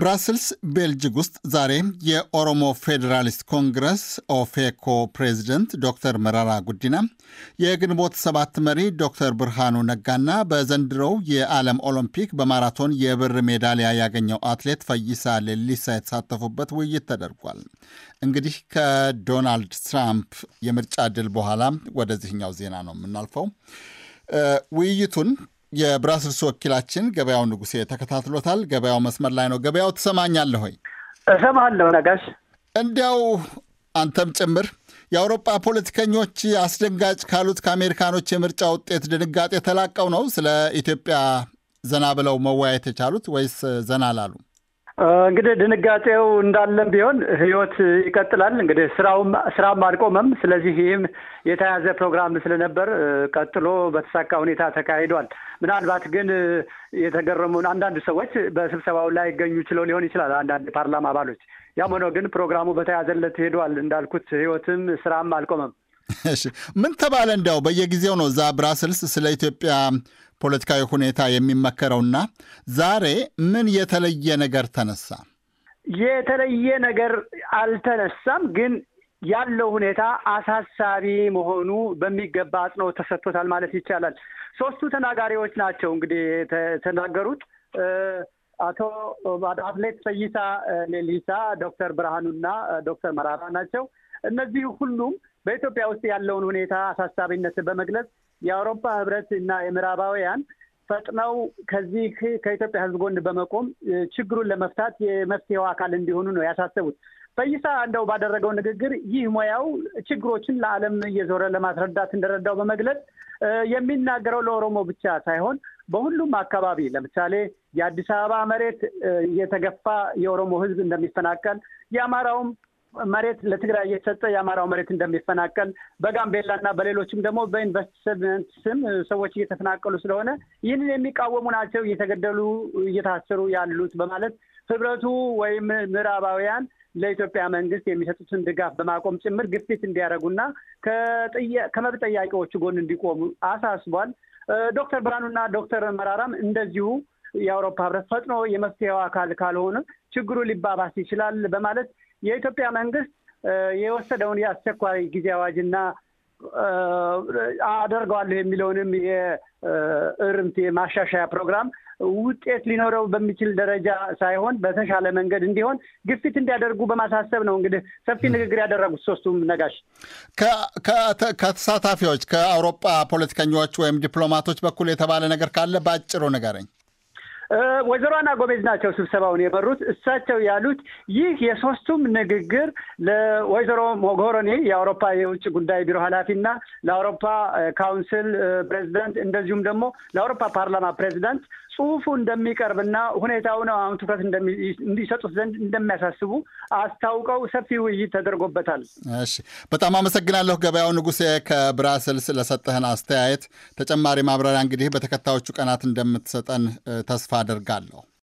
ብራስልስ ቤልጅግ ውስጥ ዛሬ የኦሮሞ ፌዴራሊስት ኮንግረስ ኦፌኮ ፕሬዚደንት ዶክተር መራራ ጉዲና የግንቦት ሰባት መሪ ዶክተር ብርሃኑ ነጋና በዘንድሮው የዓለም ኦሎምፒክ በማራቶን የብር ሜዳሊያ ያገኘው አትሌት ፈይሳ ሌሊሳ የተሳተፉበት ውይይት ተደርጓል። እንግዲህ ከዶናልድ ትራምፕ የምርጫ ድል በኋላ ወደዚህኛው ዜና ነው የምናልፈው። ውይይቱን የብራስልስ ወኪላችን ገበያው ንጉሴ ተከታትሎታል። ገበያው መስመር ላይ ነው። ገበያው ትሰማኛለህ ሆይ? እሰማለሁ ነጋሽ። እንዲያው አንተም ጭምር የአውሮፓ ፖለቲከኞች አስደንጋጭ ካሉት ከአሜሪካኖች የምርጫ ውጤት ድንጋጤ ተላቀው ነው ስለ ኢትዮጵያ ዘና ብለው መወያየት የቻሉት ወይስ ዘና ላሉ? እንግዲህ ድንጋጤው እንዳለም ቢሆን ህይወት ይቀጥላል። እንግዲህ ስራውም ስራም አልቆመም። ስለዚህ ይህም የተያዘ ፕሮግራም ስለነበር ቀጥሎ በተሳካ ሁኔታ ተካሂዷል። ምናልባት ግን የተገረሙን አንዳንድ ሰዎች በስብሰባው ላይ ይገኙ ችለው ሊሆን ይችላል፣ አንዳንድ ፓርላማ አባሎች። ያም ሆኖ ግን ፕሮግራሙ በተያዘለት ሄዷል። እንዳልኩት ህይወትም ስራም አልቆመም። ምን ተባለ? እንዲያው በየጊዜው ነው እዛ ብራስልስ ስለ ኢትዮጵያ ፖለቲካዊ ሁኔታ የሚመከረውና ዛሬ ምን የተለየ ነገር ተነሳ? የተለየ ነገር አልተነሳም፣ ግን ያለው ሁኔታ አሳሳቢ መሆኑ በሚገባ አጽንኦት ተሰጥቶታል ማለት ይቻላል። ሶስቱ ተናጋሪዎች ናቸው እንግዲህ የተናገሩት አቶ አትሌት ፈይሳ ሌሊሳ፣ ዶክተር ብርሃኑና ዶክተር መራራ ናቸው። እነዚህ ሁሉም በኢትዮጵያ ውስጥ ያለውን ሁኔታ አሳሳቢነት በመግለጽ የአውሮፓ ህብረት እና የምዕራባውያን ፈጥነው ከዚህ ከኢትዮጵያ ህዝብ ጎን በመቆም ችግሩን ለመፍታት የመፍትሄው አካል እንዲሆኑ ነው ያሳሰቡት። ፈይሳ እንደው ባደረገው ንግግር ይህ ሙያው ችግሮችን ለዓለም እየዞረ ለማስረዳት እንደረዳው በመግለጽ የሚናገረው ለኦሮሞ ብቻ ሳይሆን በሁሉም አካባቢ ለምሳሌ የአዲስ አበባ መሬት እየተገፋ የኦሮሞ ህዝብ እንደሚፈናቀል የአማራውም መሬት ለትግራይ እየተሰጠ የአማራው መሬት እንደሚፈናቀል በጋምቤላ እና በሌሎችም ደግሞ በኢንቨስትመንት ስም ሰዎች እየተፈናቀሉ ስለሆነ ይህንን የሚቃወሙ ናቸው እየተገደሉ እየታሰሩ ያሉት በማለት ህብረቱ ወይም ምዕራባውያን ለኢትዮጵያ መንግስት የሚሰጡትን ድጋፍ በማቆም ጭምር ግፊት እንዲያደርጉና ከመብት ጠያቂዎቹ ጎን እንዲቆሙ አሳስቧል። ዶክተር ብርሃኑና ዶክተር መራራም እንደዚሁ የአውሮፓ ህብረት ፈጥኖ የመፍትሄው አካል ካልሆነ ችግሩ ሊባባስ ይችላል በማለት የኢትዮጵያ መንግስት የወሰደውን የአስቸኳይ ጊዜ አዋጅና አደርገዋለሁ የሚለውንም የእርምት የማሻሻያ ፕሮግራም ውጤት ሊኖረው በሚችል ደረጃ ሳይሆን በተሻለ መንገድ እንዲሆን ግፊት እንዲያደርጉ በማሳሰብ ነው። እንግዲህ ሰፊ ንግግር ያደረጉት ሶስቱም ነጋሽ ከተሳታፊዎች ከአውሮፓ ፖለቲከኞች ወይም ዲፕሎማቶች በኩል የተባለ ነገር ካለ በአጭሩ ንገረኝ። ወይዘሮ አና ጎሜዝ ናቸው ስብሰባውን የመሩት። እሳቸው ያሉት ይህ የሶስቱም ንግግር ለወይዘሮ ሞጎሮኒ የአውሮፓ የውጭ ጉዳይ ቢሮ ኃላፊና ለአውሮፓ ካውንስል ፕሬዚዳንት እንደዚሁም ደግሞ ለአውሮፓ ፓርላማ ፕሬዚዳንት ጽሁፉ እንደሚቀርብና ሁኔታውን አሁን ትኩረት እንዲሰጡት ዘንድ እንደሚያሳስቡ አስታውቀው ሰፊ ውይይት ተደርጎበታል። እሺ፣ በጣም አመሰግናለሁ ገበያው ንጉሴ ከብራስልስ ለሰጠህን አስተያየት። ተጨማሪ ማብራሪያ እንግዲህ በተከታዮቹ ቀናት እንደምትሰጠን ተስፋ አደርጋለሁ።